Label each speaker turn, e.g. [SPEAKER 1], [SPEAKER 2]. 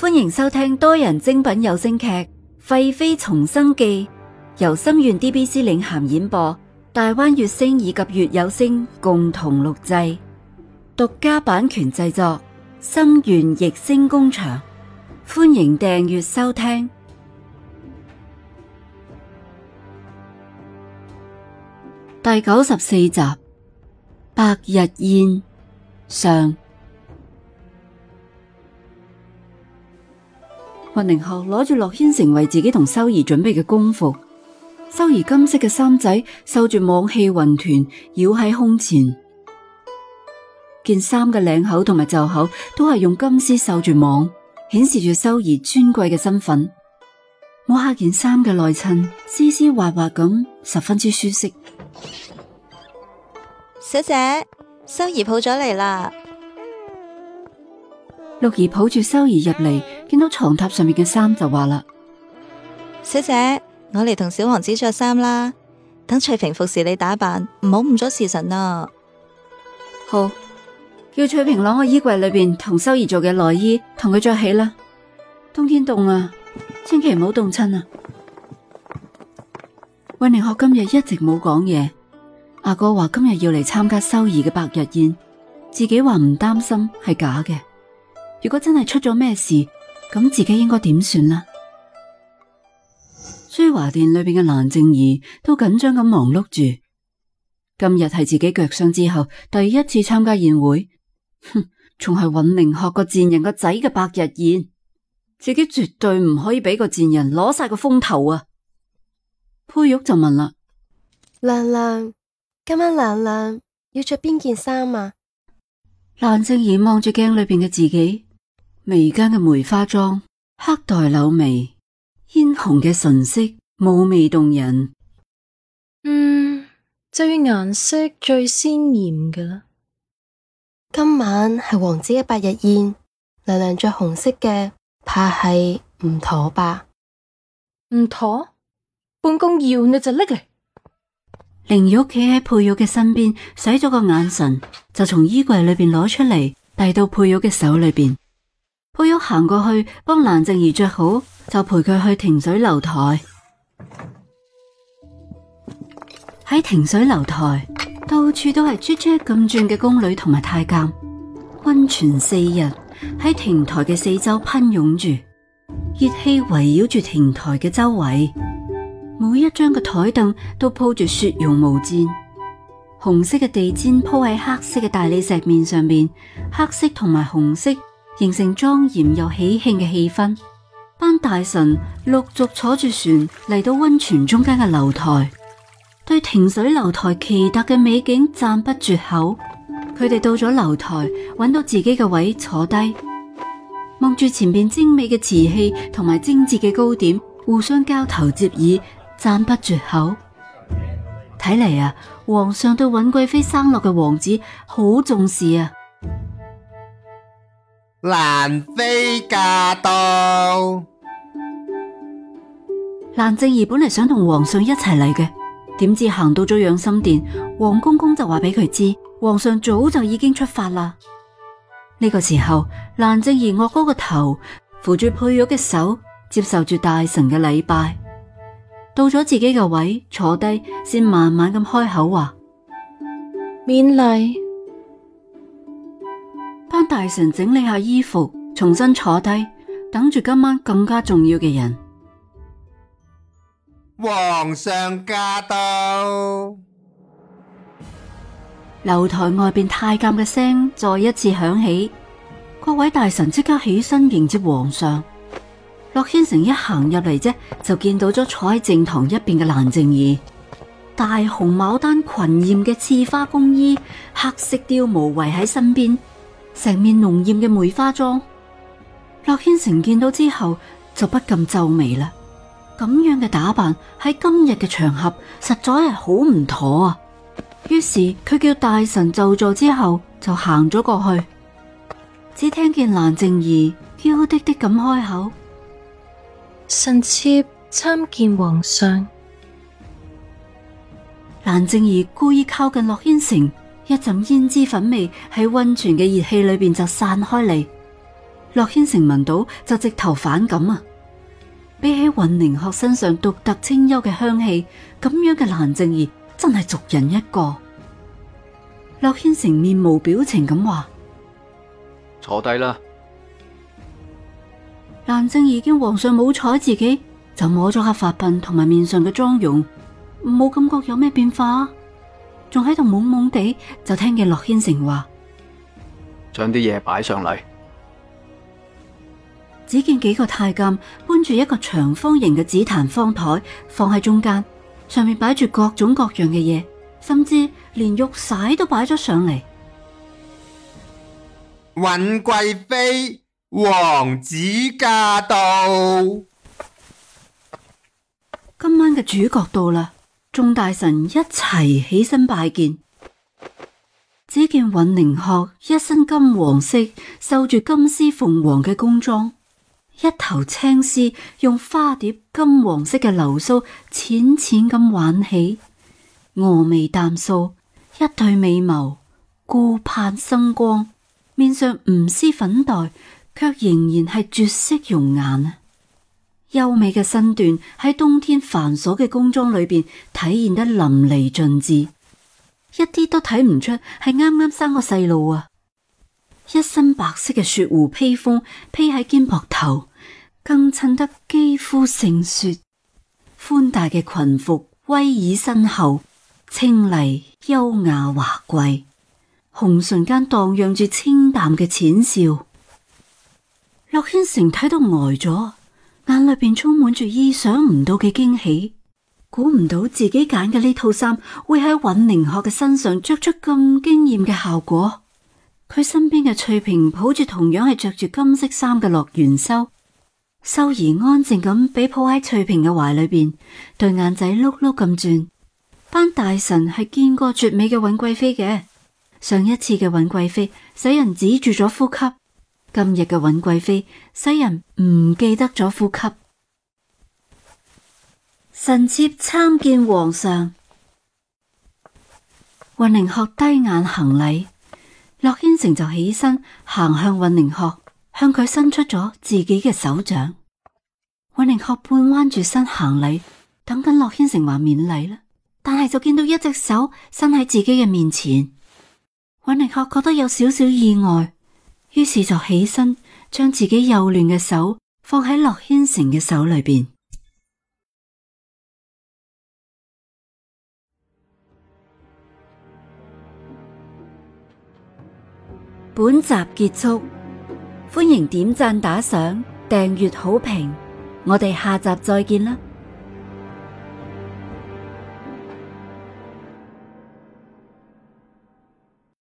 [SPEAKER 1] 歡迎收聽多人精品有聲劇《廢妃重生記》，由心願 DBC 領銜演播，大灣月星以及月有聲共同錄製，獨家版權製作，心願逸星工廠。歡迎訂閱收聽第九十四集《百日宴》上。雲苓後，攞住樂軒成為自己同修儀準備嘅功夫。修儀金色嘅衫仔，繡住網氣雲團繞喺胸前。件衫嘅領口同埋袖口都係用金絲繡住網，顯示住修儀尊貴嘅身份。摸下件衫嘅內襯，絲絲滑滑咁，十分之舒適。小姐，修儀抱咗嚟啦。六兒抱住修兒入嚟，見到床榻上面嘅衫就話啦：，小姐，我嚟同小王子着衫啦。等翠平服侍你打扮，唔好誤咗時辰啊！好，叫翠平攞個衣櫃裏邊同修兒做嘅內衣同佢着起啦。冬天凍啊，千祈唔好凍親啊！衛寧學今日一直冇講嘢，阿哥話今日要嚟參加修兒嘅百日宴，自己話唔擔心係假嘅。如果真係出咗咩事，咁自己應該點算啦？所華殿裏邊嘅蘭靜兒都緊張咁忙碌住。今日係自己腳傷之後第一次參加宴會，哼，仲係允明學個賤人個仔嘅百日宴，自己絕對唔可以俾個賤人攞晒個風頭啊！佩玉就問啦：，娘娘今晚娘娘要着邊件衫啊？蘭靜兒望住鏡裏邊嘅自己。眉間嘅梅花妝，黑黛柳眉，嫣紅嘅唇色，嫵媚動人。嗯，就以顏色最鮮艷嘅啦。今晚係王子嘅百日宴，娘娘着紅色嘅，怕係唔妥吧？唔妥，本宮要你就拎嚟。靈玉企喺佩玉嘅身邊，使咗個眼神，就從衣櫃裏邊攞出嚟，遞到佩玉嘅手裏邊。布郁行過去幫蘭靜兒着好，就陪佢去停水樓台。喺停水樓台，到處都係轉轉咁轉嘅宮女同埋太監。温泉四日喺亭台嘅四周噴湧住，熱氣圍繞住亭台嘅周圍。每一張嘅台凳都鋪住雪絨毛氈，紅色嘅地氈鋪喺黑色嘅大理石面上邊，黑色同埋紅色。形成莊嚴又喜慶嘅氣氛，班大臣陸續坐住船嚟到温泉中間嘅樓台，對停水樓台奇特嘅美景讚不絕口。佢哋到咗樓台，揾到自己嘅位坐低，望住前邊精美嘅瓷器同埋精致嘅糕點，互相交頭接耳，讚不絕口。睇嚟啊，皇上對尹貴妃生落嘅王子好重視啊！蘭妃駕到。蘭靜兒本嚟想同皇上一齊嚟嘅，點知行到咗養心殿，黃公公就話俾佢知，皇上早就已經出發啦。呢、這個時候，蘭靜兒惡高個頭，扶住佩玉嘅手，接受住大臣嘅禮拜，到咗自己嘅位，坐低先慢慢咁開口話：，免禮。大臣整理下衣服，重新坐低，等住今晚更加重要嘅人。皇上駕到！樓台外邊太監嘅聲再一次響起，各位大臣即刻起身迎接皇上。洛軒成一行入嚟啫，就見到咗坐喺正堂一邊嘅蘭靜兒，大紅牡丹裙艷嘅刺花宮衣，黑色貂毛圍喺身邊。成面濃艷嘅梅花妝，洛軒城見到之後就不禁皺眉啦。咁樣嘅打扮喺今日嘅場合，實在係好唔妥啊！於是佢叫大臣就座之後，就行咗過去。只聽見蘭靜兒嬌滴滴咁開口：，臣妾參見皇上。蘭靜兒故意靠近洛軒城。一陣胭脂粉味喺温泉嘅熱氣裡邊就散開嚟，洛軒成聞到就直頭反感啊！比起云寧鶴身上獨特清幽嘅香氣，咁樣嘅蘭靜儀真係俗人一個。洛軒成面無表情咁話：坐低啦。蘭靜儀見皇上冇睬自己，就摸咗下發鬢同埋面上嘅妝容，冇感覺有咩變化啊。仲喺度懵懵地，就聽見樂軒成話將啲嘢擺上嚟。只見幾個太監搬住一個長方形嘅紫檀方台，放喺中間，上面擺住各種各樣嘅嘢，甚至連玉玺都擺咗上嚟。尹貴妃，王子駕到，今晚嘅主角到啦！眾大臣一齊起,起身拜見，只見尹寧鶴一身金黃色繡住金絲鳳凰嘅宮裝，一頭青絲用花蝶金黃色嘅流蘇，淺淺咁挽起，峨眉淡掃，一對美眸顧盼生光，面上唔施粉黛，卻仍然係絕色容顏優美嘅身段喺冬天繁瑣嘅工裝裏邊體現得淋漓盡致，一啲都睇唔出係啱啱生個細路啊！一身白色嘅雪狐披風披喺肩膊頭，更襯得肌膚勝雪；寬大嘅裙服逶迤身後，清麗優雅華貴。紅唇間蕩漾住清淡嘅淺笑，駱軒成睇到呆咗。眼裏邊充滿住意想唔到嘅驚喜，估唔到自己揀嘅呢套衫會喺尹寧鶴嘅身上着出咁驚艷嘅效果。佢身邊嘅翠萍抱住同樣係着住金色衫嘅樂元修，修兒安靜咁俾抱喺翠萍嘅懷裏邊，對眼仔碌碌咁轉。班大臣係見過絕美嘅尹貴妃嘅，上一次嘅尹貴妃使人止住咗呼吸。今日嘅尹貴妃，使人唔記得咗呼吸。臣妾參見皇上。尹寧鶴低眼行禮，洛軒成就起身行向尹寧鶴，向佢伸出咗自己嘅手掌。尹寧鶴半彎住身行禮，等緊洛軒成話免禮啦，但係就見到一隻手伸喺自己嘅面前，尹寧鶴覺得有少少意外。於是就起身，將自己幼嫩嘅手放喺駱軒成嘅手裏邊。本集結束，歡迎點讚、打賞、訂閱、好評，我哋下集再見啦！